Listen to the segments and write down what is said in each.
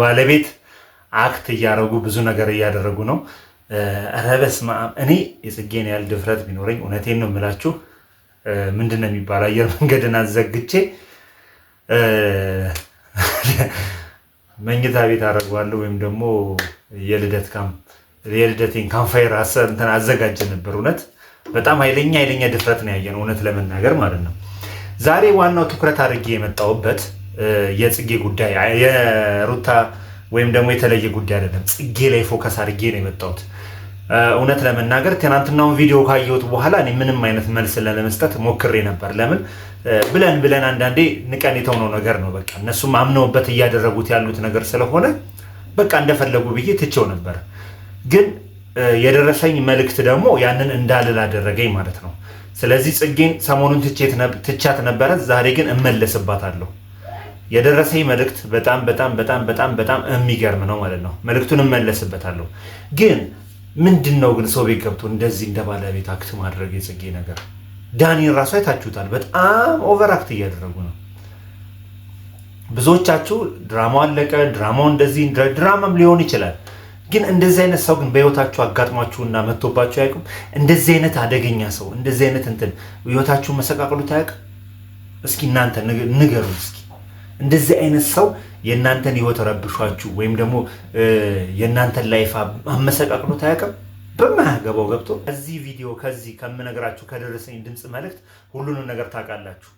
ባለቤት አክት እያደረጉ ብዙ ነገር እያደረጉ ነው። ኧረ በስመ አብ! እኔ የጽጌን ያህል ድፍረት ቢኖረኝ እውነቴን ነው የምላችሁ ምንድን ነው የሚባለው አየር መንገድን አዘግቼ መኝታ ቤት አደርገዋለሁ ወይም ደግሞ የልደት የልደቴን ካምፋየር እንትን አዘጋጀ ነበር። እውነት በጣም ኃይለኛ ኃይለኛ ድፍረት ነው ያየነው እውነት ለመናገር ማለት ነው። ዛሬ ዋናው ትኩረት አድርጌ የመጣሁበት የጽጌ ጉዳይ የሩታ ወይም ደግሞ የተለየ ጉዳይ አይደለም። ጽጌ ላይ ፎከስ አድርጌ ነው የመጣሁት። እውነት ለመናገር ትናንትናውን ቪዲዮ ካየሁት በኋላ እኔ ምንም አይነት መልስ ለመስጠት ሞክሬ ነበር። ለምን ብለን ብለን አንዳንዴ ንቀን የተውነው ነገር ነው። በቃ እነሱም አምነውበት እያደረጉት ያሉት ነገር ስለሆነ በቃ እንደፈለጉ ብዬ ትቼው ነበር። ግን የደረሰኝ መልእክት ደግሞ ያንን እንዳልል አደረገኝ ማለት ነው። ስለዚህ ጽጌን ሰሞኑን ትቻት ነበረ። ዛሬ ግን እመለስባታለሁ። የደረሰኝ መልእክት በጣም በጣም በጣም በጣም በጣም የሚገርም ነው ማለት ነው። መልእክቱን እመለስበታለሁ። ግን ምንድን ነው ግን ሰው ቤት ገብቶ እንደዚህ እንደ ባለቤት አክት ማድረግ የጽጌ ነገር ዳኒን ራሱ አይታችሁታል። በጣም ኦቨር አክት እያደረጉ ነው። ብዙዎቻችሁ ድራማው አለቀ፣ ድራማው እንደዚህ ድራማም ሊሆን ይችላል። ግን እንደዚህ አይነት ሰው ግን በህይወታችሁ አጋጥሟችሁና መጥቶባችሁ አያውቅም? እንደዚህ አይነት አደገኛ ሰው እንደዚህ አይነት እንትን ህይወታችሁን መሰቃቅሉት አያውቅም? እስኪ እናንተ ንገሩ እስኪ እንደዚህ አይነት ሰው የእናንተን ህይወት ረብሿችሁ ወይም ደግሞ የእናንተን ላይፍ አመሰቃቅሎት አያውቅም። በማያገባው ገብቶ ከዚህ ቪዲዮ ከዚህ ከምነግራችሁ ከደረሰኝ ድምፅ መልእክት ሁሉንም ነገር ታውቃላችሁ።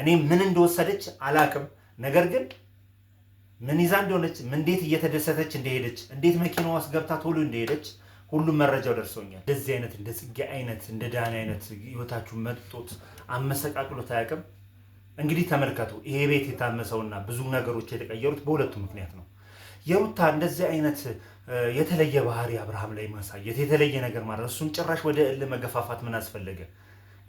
እኔ ምን እንደወሰደች አላውቅም። ነገር ግን ምን ይዛ እንደሆነች፣ እንዴት እየተደሰተች እንደሄደች፣ እንዴት መኪና ውስጥ ገብታ ቶሎ እንደሄደች ሁሉም መረጃው ደርሶኛል። እንደዚህ አይነት እንደ ጽጌ አይነት እንደ ዳን አይነት ህይወታችሁ መጥጦት አመሰቃቅሎት አያውቅም። እንግዲህ ተመልከቱ፣ ይሄ ቤት የታመሰውና ብዙ ነገሮች የተቀየሩት በሁለቱ ምክንያት ነው። የሩታ እንደዚህ አይነት የተለየ ባህሪ አብርሃም ላይ ማሳየት የተለየ ነገር ማለት እሱን ጭራሽ ወደ እል መገፋፋት ምን አስፈለገ?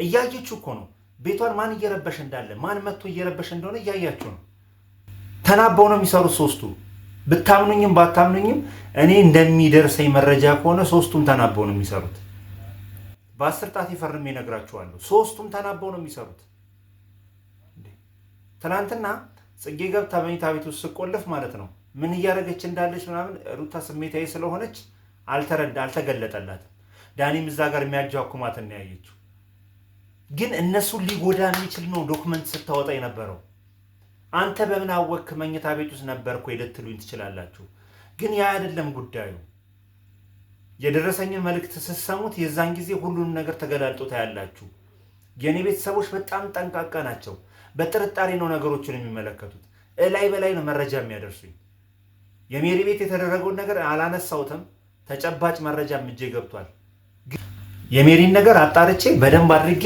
እያየችው እኮ ነው ቤቷን ማን እየረበሸ እንዳለ ማን መጥቶ እየረበሸ እንደሆነ እያያችሁ ነው። ተናበው ነው የሚሰሩት ሶስቱ። ብታምኑኝም ባታምኑኝም እኔ እንደሚደርሰኝ መረጃ ከሆነ ሶስቱም ተናበው ነው የሚሰሩት። በአስር ጣት ፈርሜ እነግራችኋለሁ። ሶስቱም ተናበው ነው የሚሰሩት። ትናንትና ጽጌ ገብታ መኝታ ቤት ውስጥ ስቆልፍ ማለት ነው ምን እያደረገች እንዳለች ምናምን ሩታ ስሜታዊ ስለሆነች አልተረዳ አልተገለጠላትም። ዳኒም እዛ ጋር የሚያጃኩማት እና ያየችው ግን እነሱን ሊጎዳ የሚችል ነው ዶክመንት ስታወጣ የነበረው። አንተ በምን አወክ መኝታ ቤት ውስጥ ነበርኩ ልትሉኝ ትችላላችሁ። ግን ያ አይደለም ጉዳዩ። የደረሰኝን መልእክት ስትሰሙት የዛን ጊዜ ሁሉንም ነገር ተገላልጦ ታያላችሁ። የእኔ ቤተሰቦች በጣም ጠንቃቃ ናቸው። በጥርጣሬ ነው ነገሮችን የሚመለከቱት። እላይ በላይ ነው መረጃ የሚያደርሱኝ። የሜሪ ቤት የተደረገውን ነገር አላነሳውትም። ተጨባጭ መረጃ እጄ ገብቷል። የሜሪን ነገር አጣርቼ በደንብ አድርጌ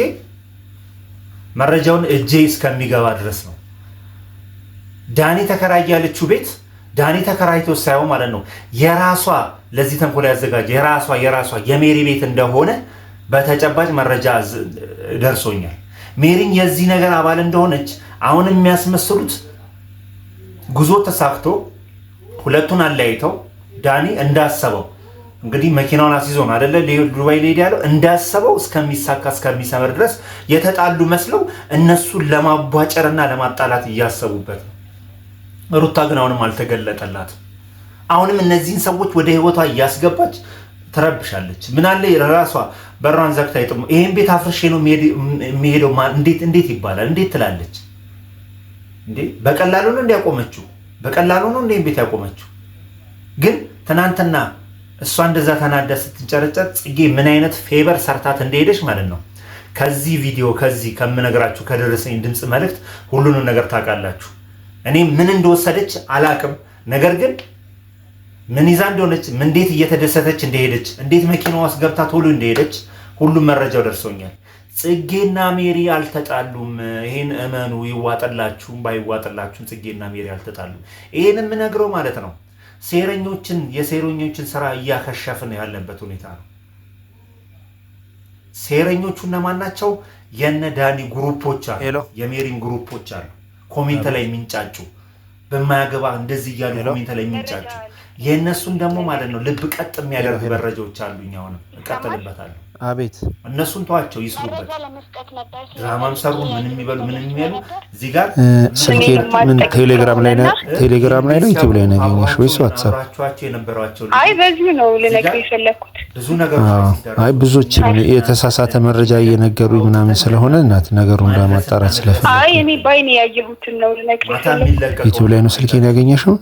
መረጃውን እጄ እስከሚገባ ድረስ ነው። ዳኒ ተከራይ ያለችው ቤት ዳኒ ተከራይቶ ሳይሆን ማለት ነው የራሷ ለዚህ ተንኮል ያዘጋጀ የራሷ የራሷ የሜሪ ቤት እንደሆነ በተጨባጭ መረጃ ደርሶኛል። ሜሪን የዚህ ነገር አባል እንደሆነች አሁን የሚያስመስሉት ጉዞ ተሳክቶ ሁለቱን አለያይተው ዳኒ እንዳሰበው እንግዲህ መኪናውን አስይዞ ነው አደለ ዱባይ ሊሄድ ያለው እንዳሰበው እስከሚሳካ እስከሚሰምር ድረስ የተጣሉ መስለው እነሱን ለማቧጨርና ለማጣላት እያሰቡበት ነው። ሩታ ግን አሁንም አልተገለጠላትም። አሁንም እነዚህን ሰዎች ወደ ህይወቷ እያስገባች ትረብሻለች። አለ ራሷ በሯን ዘግታ ይጥሞ ይሄን ቤት አፍርሼ ነው የሚሄደው እንዴት ይባላል? እንዴት ትላለች እንዴ? በቀላሉ ነው እንዲያቆመችው፣ በቀላሉ ነው እንዴ ቤት ያቆመችው። ግን ትናንትና እሷ እንደዛ ተናዳ ስትንጨረጨር ጽጌ ምን አይነት ፌበር ሰርታት እንደሄደች ማለት ነው። ከዚህ ቪዲዮ ከዚህ ከምነግራችሁ ከደረሰኝ ድምፅ መልእክት ሁሉንም ነገር ታውቃላችሁ። እኔ ምን እንደወሰደች አላቅም፣ ነገር ግን ምን ይዛ እንደሆነች እንዴት እየተደሰተች እንደሄደች እንዴት መኪና ውስጥ ገብታ ቶሎ እንደሄደች ሁሉም መረጃው ደርሶኛል። ጽጌና ሜሪ አልተጣሉም። ይህን እመኑ። ይዋጠላችሁም ባይዋጠላችሁም ጽጌና ሜሪ አልተጣሉም። ይህን የምነግረው ማለት ነው ሴረኞችን የሴረኞችን ስራ እያከሸፍን ያለበት ሁኔታ ነው። ሴረኞቹ እነማን ናቸው? የነ ዳኒ ግሩፖች አሉ፣ የሜሪን ግሩፖች አሉ። ኮሜንት ላይ የሚንጫጩ በማያገባ እንደዚህ እያሉ ኮሜንት ላይ የሚንጫጩ የእነሱን ደግሞ ማለት ነው ልብ ቀጥ የሚያደርግ መረጃዎች አሉኝ። አሁንም እቀጥልበታለሁ። አቤት እነሱን ተዋቸው፣ ይስሩበት። ድራማም ሰሩ ምን የሚበሉ ምን የሚሉ እዚህ ጋር ስልኬ ምን ቴሌግራም ላይ ነው ቴሌግራም ላይ ነው ዩቲዩብ ላይ ነው ያገኘሽ ወይስ ዋትሳፕ? አይ በዚህ ነው ልነግርህ የፈለኩት። ብዙ ነገሮች አይ ብዙዎች የተሳሳተ መረጃ እየነገሩ ምናምን ስለሆነ እናት ነገሩን ለማጣራት ስለፈለኩ አይ እኔ ባይኔ ያየሁትን ነው ልነግርህ የፈለኩት። ዩቲዩብ ላይ ነው ስልኬን ያገኘሽው?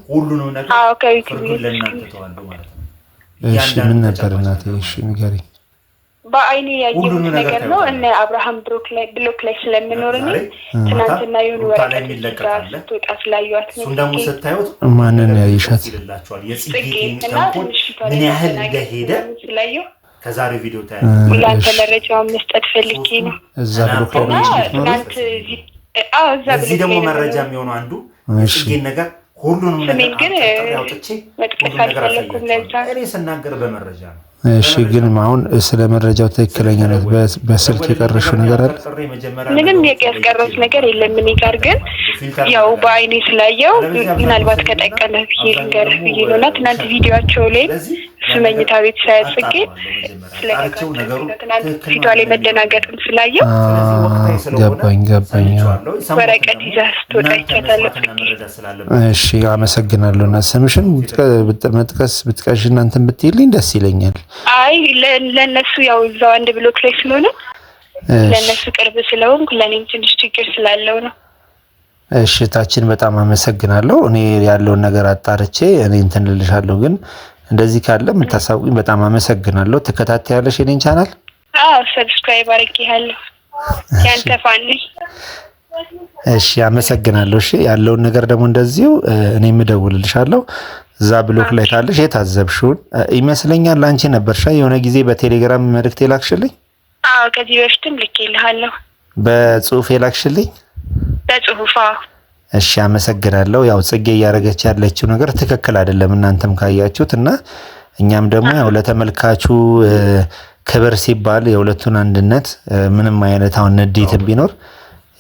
ነው ነገር አዎ ከዩቲዩብ ላይ። ነው። እሺ ምን ነበር እናቴ? እሺ ንገሪኝ በአይኔ ያየሁት ነገር ነው። እነ አብርሃም ብሎክ ላይ ስለምኖር ትናንትና የሆኑ ወረቀት ስትወጣ ማንን ያይሻት ጽጌና ምን ያህል እንደሄደ ስላየሁ ከዛሬ ቪዲዮ መረጃውን መስጠት ፈልጌ ነው። እዛ ብሎክ ላይ ደግሞ መረጃ የሚሆኑ አንዱ ጽጌን ነገር ሁሉንም ነገር ግን መጥቀስ አልፈለኩም። ለዛ እኔ ስናገር በመረጃ ነው እሺ ግን አሁን ስለ መረጃው ትክክለኛነት በስልክ የቀረሽው ነገር አለ? ምንም ያስቀረስ ነገር የለም። እኔ ጋር ግን ያው በአይኔ ስላየው ምናልባት ከጠቀመህ ብዬ ልንገርህ ብዬ ነውና ትናንት ቪዲዮቸው ላይ ስመኝታ ቤት ሳያስጌ ጽጌ ፊቷ ላይ መደናገጥም ስላየው ገባኝ ገባኝ ወረቀት ይዛ ስትወጣ እሺ አመሰግናለሁ። እና ስምሽን መጥቀስ ብትቀሽ እናንተን ብትይልኝ ደስ ይለኛል። አይ ለእነሱ ያው እዛው አንድ ብሎክ ላይ ስለሆነ ለእነሱ ቅርብ ስለሆንኩ ለእኔም ትንሽ ችግር ስላለው ነው። እሽታችን በጣም አመሰግናለሁ። እኔ ያለውን ነገር አጣርቼ እኔ እንትን እልልሻለሁ ግን እንደዚህ ካለ የምታሳውቂኝ በጣም አመሰግናለሁ። ትከታተያለሽ የኔን ቻናል? አዎ ሰብስክራይብ አድርጌያለሁ። ያንተ ፋን እሺ አመሰግናለሁ። እሺ ያለውን ነገር ደግሞ እንደዚሁ እኔ የምደውልልሻለሁ። እዛ ብሎክ ላይ ካለሽ የታዘብሽውን ይመስለኛል ለአንቺ ነበርሻ የሆነ ጊዜ በቴሌግራም መልእክት የላክሽልኝ። አዎ ከዚህ በፊትም ልኬልሃለሁ። በጽሁፍ የላክሽልኝ በጽሁፍ እሺ አመሰግናለሁ። ያው ጽጌ እያደረገች ያለችው ነገር ትክክል አይደለም፣ እናንተም ካያችሁት እና እኛም ደግሞ ያው ለተመልካቹ ክብር ሲባል የሁለቱን አንድነት ምንም አይነት አሁን ንዴትም ቢኖር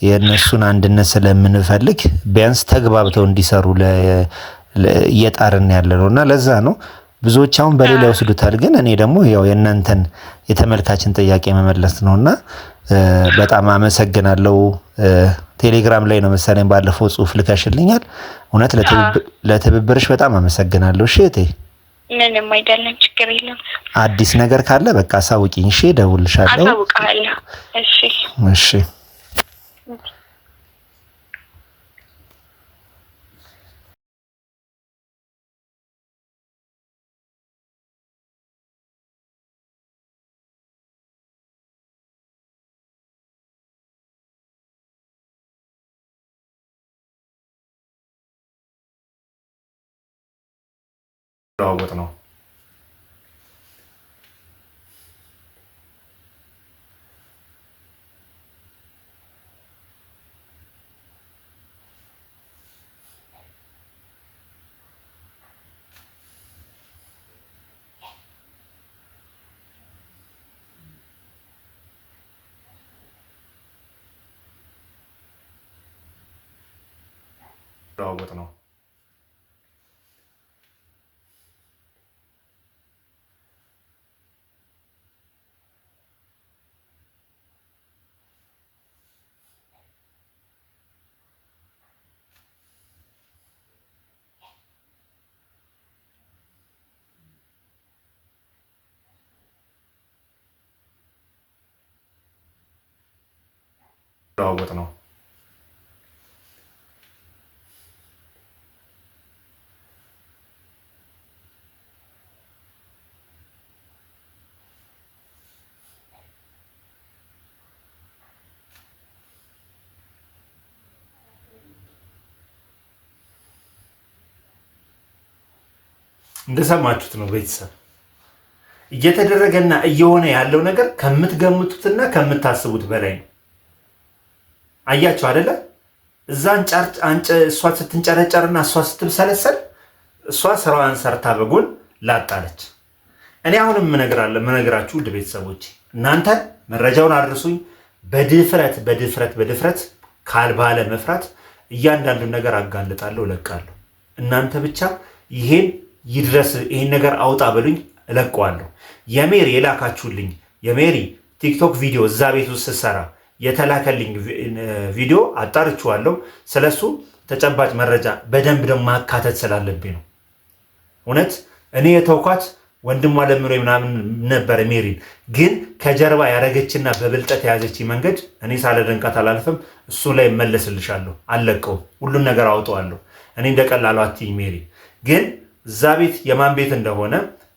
የእነሱን አንድነት ስለምንፈልግ ቢያንስ ተግባብተው እንዲሰሩ እየጣርን ያለ ነው እና ለዛ ነው ብዙዎች አሁን በሌላ ይወስዱታል። ግን እኔ ደግሞ ያው የእናንተን የተመልካችን ጥያቄ መመለስ ነው እና በጣም አመሰግናለሁ። ቴሌግራም ላይ ነው መሰለኝ ባለፈው ጽሁፍ ልከሽልኛል። እውነት ለትብብርሽ በጣም አመሰግናለሁ። እሺ እቴ፣ ምንም አይደለም፣ ችግር የለም። አዲስ ነገር ካለ በቃ አሳውቂኝ። እሺ፣ እደውልልሻለሁ። እሺ፣ እሺ። lagåt nå. lagåt nå. ለዋወጥ ነው። እንደሰማችሁት ነው ቤተሰብ እየተደረገና እየሆነ ያለው ነገር ከምትገምቱትና ከምታስቡት በላይ ነው። አያቸው አደለ? እዛ እሷ ስትንጨረጨርና እሷ ስትብሰለሰል እሷ ስራዋን ሰርታ በጎን ላጣለች። እኔ አሁንም ምነግራችሁ ውድ ቤተሰቦች እናንተ መረጃውን አድርሱኝ። በድፍረት በድፍረት በድፍረት ካልባለ መፍራት እያንዳንዱን ነገር አጋልጣለሁ፣ እለቃለሁ። እናንተ ብቻ ይሄን ይድረስ ይሄን ነገር አውጣ በሉኝ፣ እለቀዋለሁ። የሜሪ የላካችሁልኝ የሜሪ ቲክቶክ ቪዲዮ እዛ ቤት ውስጥ ስሰራ የተላከልኝ ቪዲዮ አጣርችዋለሁ። ስለሱ ተጨባጭ መረጃ በደንብ ደግሞ ማካተት ስላለብኝ ነው። እውነት እኔ የተውኳት ወንድሟ ለምሮ ምናምን ነበረ። ሜሪን ግን ከጀርባ ያደረገችና በብልጠት የያዘች መንገድ እኔ ሳለደንቃት አላልፍም። እሱ ላይ መለስልሻለሁ፣ አለቀው ሁሉን ነገር አውጠዋለሁ። እኔ እንደቀላሉ አትይኝ ሜሪ። ግን እዛ ቤት የማን ቤት እንደሆነ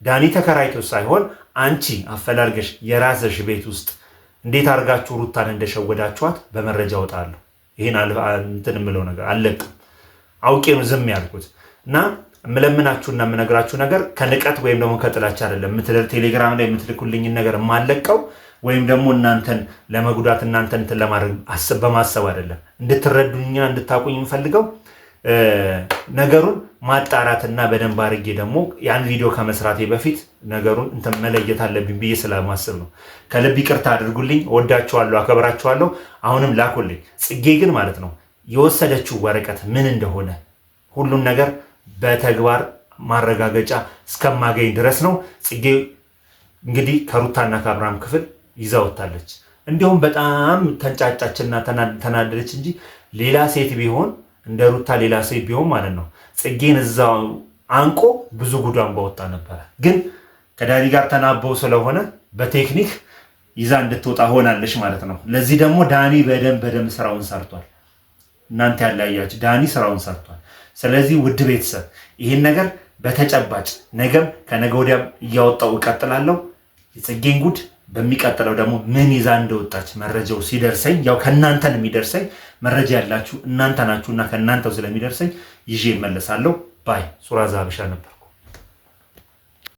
ዳኒ ተከራይቶ ሳይሆን አንቺ አፈላልገሽ የራስሽ ቤት ውስጥ እንዴት አድርጋችሁ ሩታን እንደሸወዳችኋት በመረጃ እወጣለሁ። ይህን እንትን የምለው ነገር አለቅም፣ አውቄ ነው ዝም ያልኩት እና የምለምናችሁና የምነግራችሁ ነገር ከንቀት ወይም ደግሞ ከጥላች አይደለም። ቴሌግራም ላይ የምትልኩልኝን ነገር የማለቀው ወይም ደግሞ እናንተን ለመጉዳት እናንተን እንትን ለማድረግ በማሰብ አይደለም። እንድትረዱኝና እንድታቁኝ የምፈልገው ነገሩን ማጣራትና በደንብ አድርጌ ደግሞ ያን ቪዲዮ ከመስራቴ በፊት ነገሩን እንትን መለየት አለብኝ ብዬ ስለማስብ ነው። ከልብ ይቅርታ አድርጉልኝ። ወዳችኋለሁ፣ አከብራችኋለሁ። አሁንም ላኩልኝ። ጽጌ ግን ማለት ነው የወሰደችው ወረቀት ምን እንደሆነ ሁሉን ነገር በተግባር ማረጋገጫ እስከማገኝ ድረስ ነው። ጽጌ እንግዲህ ከሩታና ከአብርሃም ክፍል ይዛ ወጥታለች። እንዲሁም በጣም ተንጫጫችና ተናደደች እንጂ ሌላ ሴት ቢሆን እንደ ሩታ ሌላ ሰው ቢሆን ማለት ነው ጽጌን እዛ አንቆ ብዙ ጉዳን በወጣ ነበረ። ግን ከዳኒ ጋር ተናበው ስለሆነ በቴክኒክ ይዛ እንድትወጣ ሆናለች ማለት ነው። ለዚህ ደግሞ ዳኒ በደንብ በደንብ ስራውን ሰርቷል። እናንተ ያለያችሁ ዳኒ ስራውን ሰርቷል። ስለዚህ ውድ ቤተሰብ ይህን ነገር በተጨባጭ ነገም ከነገ ወዲያም እያወጣው እቀጥላለሁ የጽጌን ጉድ በሚቀጥለው ደግሞ ምን ይዛ እንደወጣች መረጃው ሲደርሰኝ ያው ከእናንተን የሚደርሰኝ መረጃ ያላችሁ እናንተ ናችሁና ከእናንተው ስለሚደርሰኝ ይዤ እመለሳለሁ። ባይ ሱራ ዛብሻ ነበር።